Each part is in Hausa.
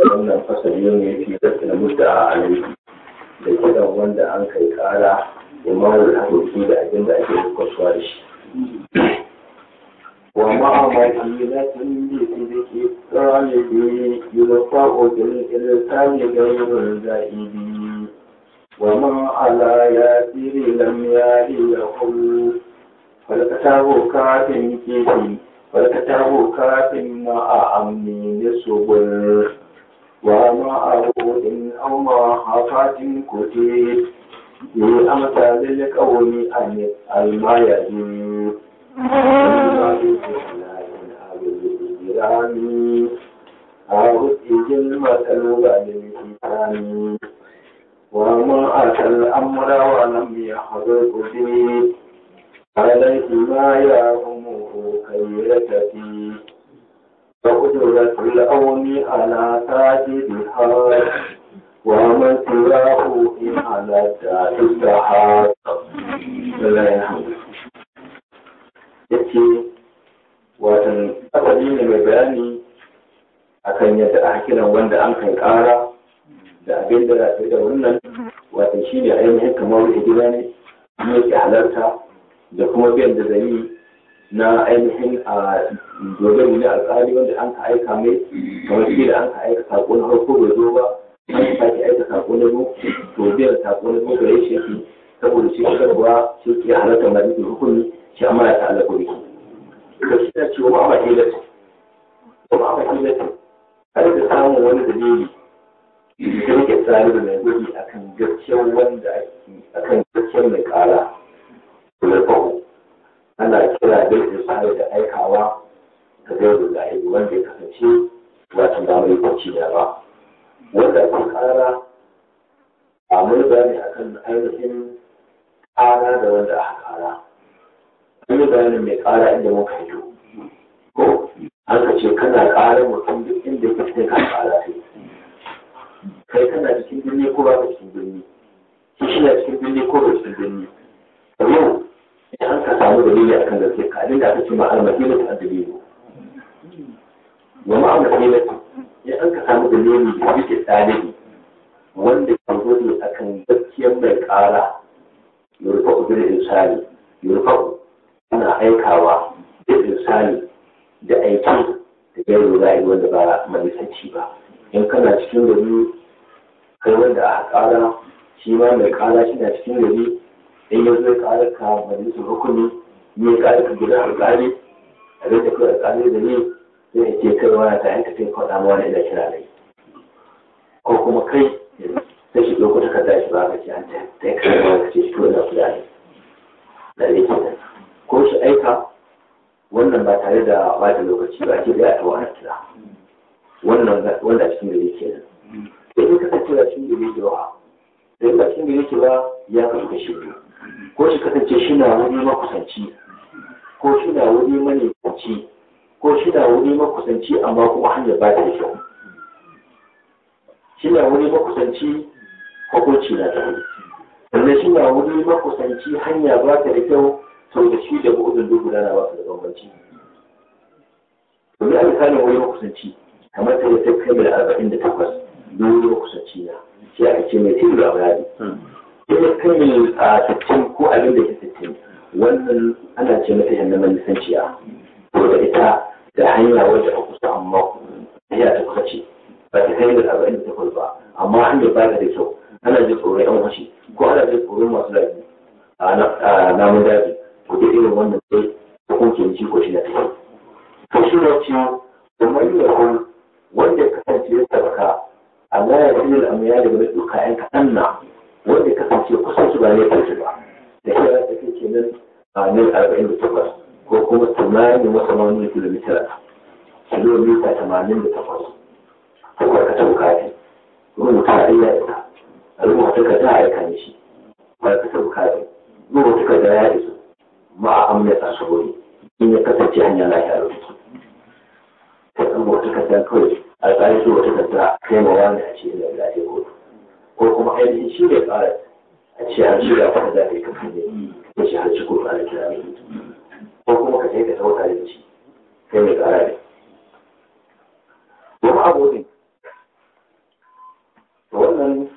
wannan fasalin ne fi zafi na a alibi da kira wanda an kai kara da mara rahoto da abin da ake da shi wa ma'a ba ta yi na da ke tsara da yi yi na da yi ilil tsari da yi wa rinza ibi wa ma'a ala ya tsiri lam ya yi ya kulu kafin kefi falkata ko kafin ma'a amni ne so gwanin ومعه إن الله حفاة كتير لأمثال الكون أن يسأل ما يجيب أرسل المثل للكتاب وما أتى الأمر ولم يحضر به عليه ما يهمه كي يتفي فأجرت الأون على ساجدها ومن سواه إن على ذات السحاب لا يحمد yace watan asali ne mai bayani akan yadda a kiran wanda an kai kara da abin da rafi wannan watan shi ne ainihin kamar wata ne halarta da kuma biyan da zai na ainihin a dogari ne alƙali wanda an ka aika mai kamar shi da an ka aika sako na harko bai zo ba an ka ke aika sako na biyu to biyar sako na biyu gare shi ki saboda shi kusurwa shi ke halatta mai duk hukumi shi amma ya ta'allaka wuri. Ka shi ta ce wa ba ke da wa ba ke da har da samun wani dalili da yake tsari da mai gudu akan gaskiyar wanda ake da'awa ta zai da zahiri wanda ya kasance ta ba mai kwanci da ba wanda ake kara a mun a akan ainihin kara da wanda aka kara an yi bayanin mai kara inda muka yi ko an ka ce kana kara mutum duk inda ya kasance ka kara sai kai kana cikin birni ko ba ka cikin birni shi na cikin birni ko ba cikin birni an ka samu dalili akan gaske ka abinda aka ce ma almadina ta dalilu wa ma almadina ya an ka samu dalili da yake dalibi wanda ya gudu akan gaskiyar mai kara yurfa bil insani yurfa ana aikawa bil insani da aiki da ya gairu ra'ayi wanda ba manisanci ba in kana cikin gari kai wanda a kara shi ma mai kara shi na cikin gari in ya zai ƙara ka bari su hukumi ne ya ƙara ka gida alƙali a zai tafi alƙali da ni zai ya ce kai wani ta yanka sai faɗa ma wani ina kira nai ko kuma kai sai shi lokuta ka shi ba ka ce an ta yi kai wani ka ce shi kawai na kula ne da zai ke ko shi aika wannan ba tare da bata lokaci ba ce da ya tawa na kira wannan wanda cikin gari kenan sai ka kasance cikin gari ke ba sai ba cikin gari ke ba ya kasu kashi biyu ko shi kasance shi na wani makusanci ko shi na wani manimanci ko shi na wani makusanci amma kuma hanyar ba ta da kyau shi na wani makusanci hukunci na ta hudu sannan shi na wani makusanci hanya ba ta da kyau sau da shi da buɗin duk gudana ba su da bambanci domin a misalin wani makusanci kamar ta yi ta kai da arba'in da takwas don wani makusanci na sai ake mai tilo a bayani ya kai a cikin ko abin da ke cikin wannan ana ce mata yan nan lisanciya ko da ita da hanya wacce a kusa amma ya ta kusa ce ba ta kai da arba'in da takwas ba amma hanyar ba ta da kyau ana jin tsoron yan washi ko ana jin tsoron masu lafi a namun daji ko da irin wannan sai hukuncin jiko shi na tafi to shi ne ciwo kuma yi da wanda kasance ya sabaka Allah ya fi da amma ya daga duka ‘yan kaɗan na wanda kasance kusan su ba ne kai ba da kira da tafi kenan a nan arba'in da takwas ko kuma tamanin wata mamanin kilomita kilomita tamanin da takwas ta kwarkata bukati rubuta a iya ita ta ka ta aika ne shi kwarkata bukati ta ka da ya isu, ma a amna tsasuri in ya kasance hanyar lafiya rubuta ta rubuta ka ta kawai a tsarin rubuta ka ta kai ma wani a ce da lafiya kotu ko kuma ainihin shi ne tsara a ce an shirya kuma da kai kafin ne ya ce har ciko ƙara kira ne ko kuma ka sai ka sauka da ci kai mai tsara ne Wani abu ne wannan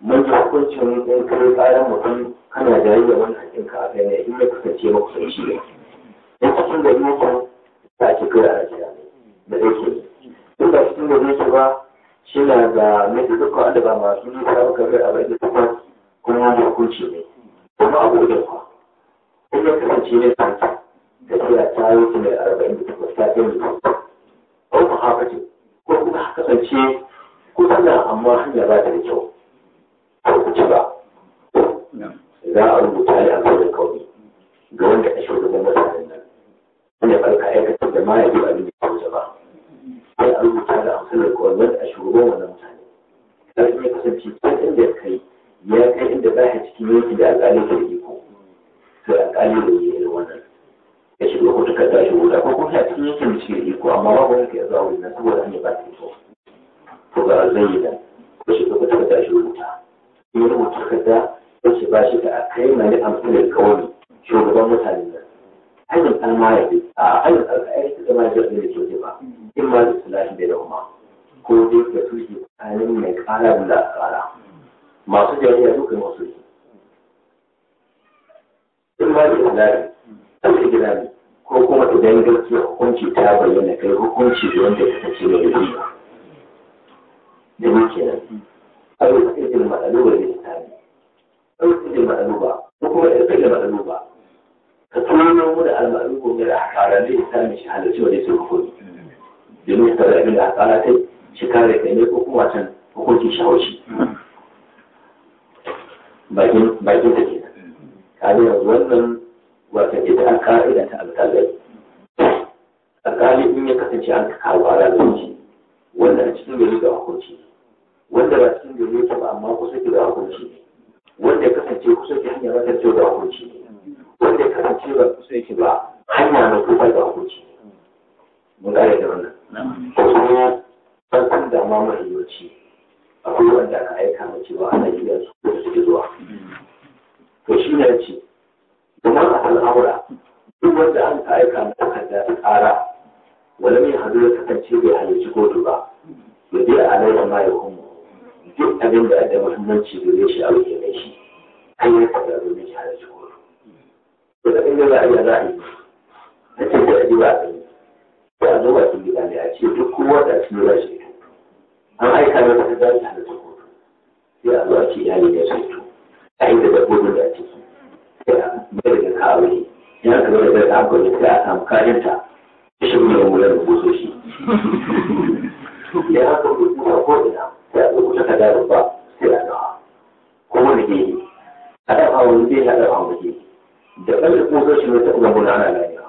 mun ta hukuncin ɗan kare tsarin mutum kana jayayya wani hakkin ka a kai ne in ya kasance shi ne Ɗan cikin da yi mutum ta ce kai a rajiya ne da ɗauke ne in cikin da yi ba shida ga mai dukkan wanda ba masu nisa ba a abin da takwas kuma da hukunci ne kuma abu da kwa in ya kasance ne da tafiya ta yi su mai arba'in da takwas ta ɗaya ne ko ku haka ce ko kuma kasance Ku na amma hanya ba ta da kyau ko ku ci ba za a rubuta ya zo da kauri ga wanda a shugaban da nan wanda barka aikata da ma ya zo duniya ya rubuta da hamsin da wannan a shugaban wannan mutane sai ya kasance can inda kai ya kai inda ba ya ciki yanki da alƙali da iko to alƙali da yi irin wannan ya shiga ko takarda shi wuta ko kuma ya cikin yankin da shi da iko amma babu wani ke zuwa wurin saboda an yi ba ta iko to ga zai yi da ko shiga ko takarda shi wuta in rubuta takarda ko shi ba shi da a kai mai amfani da kawai shugaban mutanen nan أيضا المعرفة أيضا الأيضا ما جاء من الجوجبة إما الاصطلاح بينهما كل ذلك يسوي أن من قال ولا قال ما سجى لي يدوك المصري إما الاصطلاح أو الإجرام ko kuma idan gaskiya hukunci ta bayyana kai hukunci wanda ya kasance da gari da ne kenan ayyukan ilmin matsalubar da ta ne da ilmin matsaluba ko kuma ilmin ba. ta tunanin mu da al'adu ko da hasara zai sa mu shahada cewa da sun koyi domin ta rabin da hasara ta shi kare kai ne ko kuma can hukunci shawarci bakin bakin ta kenan kaga yanzu wannan wata ita an idan ta alƙalai alƙali in ya kasance an kawo ala da shi wanda a cikin gari ga hukunci wanda ba cikin gari yake ba amma kusa ke da hukunci wanda ya kasance kusa ke hanyar matar ga hukunci wanda ya kasance ba kusa yake ba hanya na kusa da hukunci mun gane da wannan kuma ban san damuwa mahimmanci akwai wanda aka aika mu cewa ana yi su ko suke zuwa to shi ne ce domin a al'amura duk wanda an ka aika mu takarda ta ƙara wani mai hannu ya kasance bai halarci kotu ba ya je a nan da ma ya kuma duk abin da da muhimmanci gare shi a wuce mai shi an yi kaɗa domin shi halarci kotu to da inda za a iya za a yi da ce da yi ba a yi ba a zo ba cikin gida ne a ce duk kowa da cikin ba shi an aika da wata zai hana ta kotu sai a zo a ce iyali da shi a yi da dabbobin da ciki sai a mai daga kawai yana kamar da zai abu ne sai a samu kayanta shi ne mulan da kusoshi ya haka kuma ko ina sai a rubuta ka da ba sai a dawa kuma da ke a dafa wani zai haɗa a wani da ɗan ƙoƙar shi wata kuma guna ana lafiya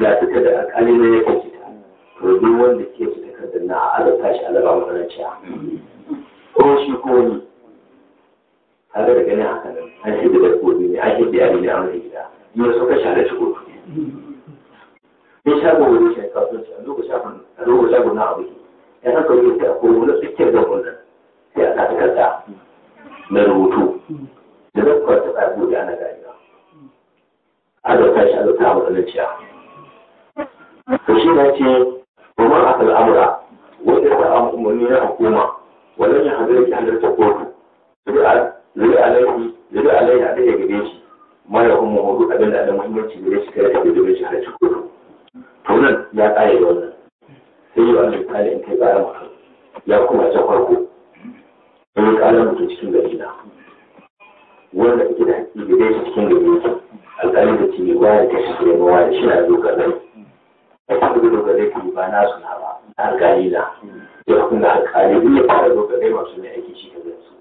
ga duka da alƙali ne ya kwace ta to duk wanda ke su takardar na a alaka shi alaba makaranciya ko shi ko ni kaga da ganin haka nan an shi da dabbobi ne an shi da yari ne an rage gida yau suka sha da kotu ne shago wani shi kasuwanci a lokacin a lokacin shagon na abu ya haka yau sai a koyi wani tsakiyar gaban nan sai a ta takarda na rubutu da zan kwata tsaro da ana gani azurta shi azurta a matsalanciya to shi na ce domin a amura, wanda ya faɗa umarni na hukuma wannan ya hadarki halarta ruwa da shi na dogalai ya fara dogalai kuma ba na suna ba na alkali na ya kuma alkali duk ya fara dogalai masu mai aiki shi ka gansu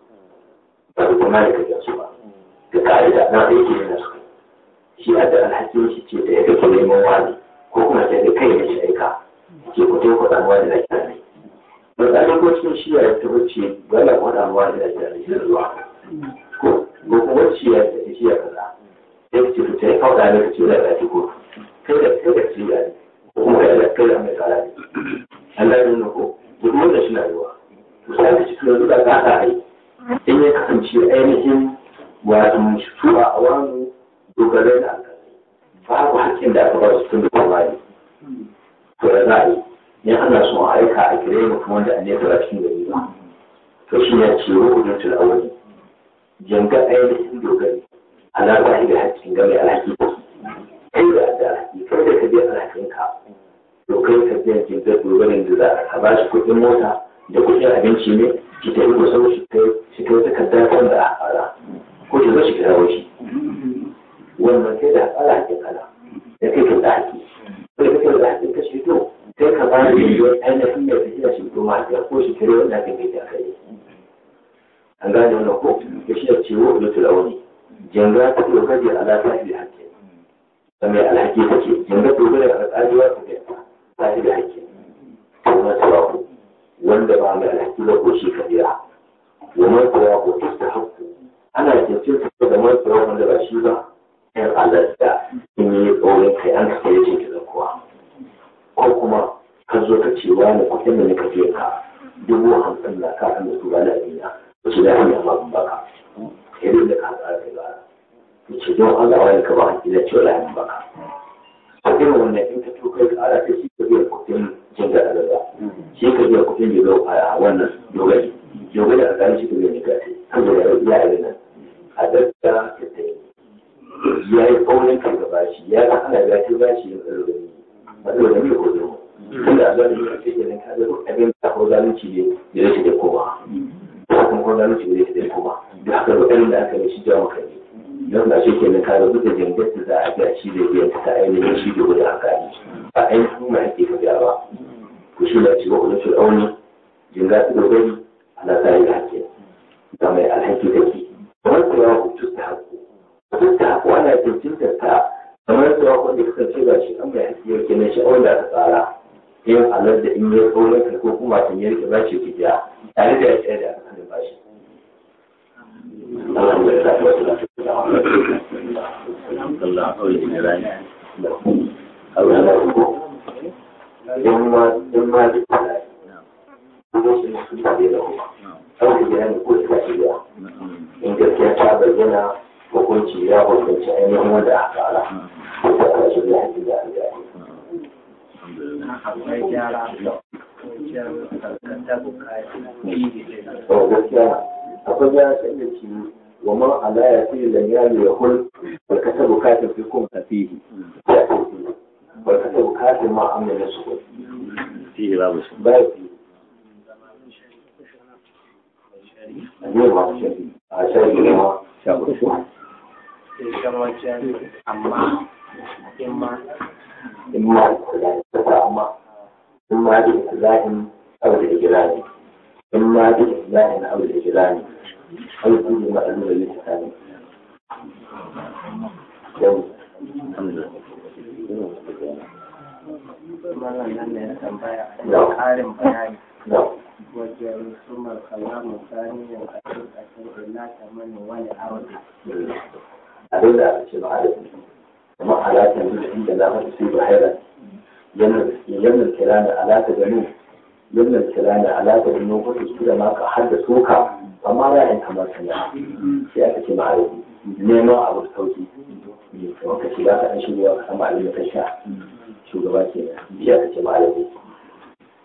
ba da kuma da ka gansu ba da ka'ida na aiki ne na su shi a da alhakin shi ce da ya kake neman wani ko kuma ta da kai na shi aika ke ku teku da wani na kira ne ba da ko cikin shi ya ta wuce ba da wani na kira ne shi zuwa ko ko kuma shi ya ta shi ga ɗaya da shi dogari ala ba shi da haƙƙin game alhaki kai da da alhaki kai da ka je alhakin ka to kai ka biya janga dogarin da za a ba shi kuɗin mota da kuɗin abinci ne ki ta yi gusau shi kai shi kai takarda kan da a fara ko ki zo shi kira shi wannan sai da ala ke kala da kai ka tsaki kai ka kai da haƙƙin ka shi to sai ka ba da miliyon ainihin da shi to ma ko shi kira wanda ka mai da kai an gane wannan ko ya shi da cewa da tulawani janga ta dogari ala ta da hakki da mai alhaki ce janga dogari a tsariwa ta kai ta shi da hakki to na ku? wanda ba mai alhaki ba ko shi kabira wa man ta istahaqu ana jincin sa da man tawaku wanda ba shi ba yan alasta in yi tsoron kai an ka yi jinki da kowa ko kuma ka zo ka ce wani kuɗin da ni ka dubu hamsin na ka kan da su ba na su da hanyar magun baka irin da ka tsara ce don Allah wani ka ba haƙi na ce wala hanyar a irin wannan in ka tukai ƙara ta shi ka biya kuɗin jin da ba shi ka biya kuɗin da zo a wannan dogari a gani shi ka biya nika ce kan da yaro iya irin nan a daga ta ta yi ya yi ƙaunin kan bashi ya ana ya bashi ya tsaro da ni ba da wani zalunci ta ne da da kowa kuma gano shi ne da kuma da aka rubuta da aka yi shi jawo kai don ga shi kenan ka rubuta jangar da za a biya shi da biyan ta ainihin shi da wani aka yi ba a yi suna ake ka biya ba ku shi na cewa wani fir'auni da ta dogari ana ta yi da hakki ga mai alhaki take kamar ta yawa ku ta haku kucin ta haku ana cancanta ta kamar ta yawa wanda kuka ce ba shi an mai hakki yau kenan shi a wanda aka tsara yin halar da in yi tsoron ko kuma tun yarke ba ce ki biya tare da ya tsaya gaskiya oh, akwai gyara ta iya ciwo وما على يأتي الأميال يقول فالكتب a shari'a ma, shabu. Ina ba shi a shari'a ma, ina ba shi ba a shari'a ma, ma, ina ba ba ba a shari'a ma, ina ba shi a a shari'a ma, ina ba shi a ina ba a shari'a ma, ina ma, a shari'a ma, ina ba shi a aiki da abin da ya tsakani yau Malamin tambaya a ƙarin bayani wajen sumar kalamu tsaniyar a cikin ina kamar wani aure. Abin da aka ce ma'adafi, kuma alaƙa ne da inda lamar su bahira, yanzu kilanin alaƙa da nuna lullun kira da alaƙa da nufin su da maka har da soka amma ra'ayin kamar sana'a sai aka ce ma'ari neman abu sauki wanka ce za ka ɗan shirya ka sama abin da ka sha shugaba ke nan sai aka ce ma'ari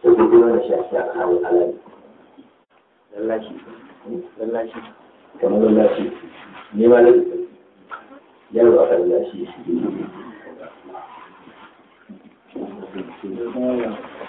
sai ku ji wani sha sha ka hawo alaƙi lallashi lallashi kamar lallashi ne ma lallashi yaro a lallashi Thank you.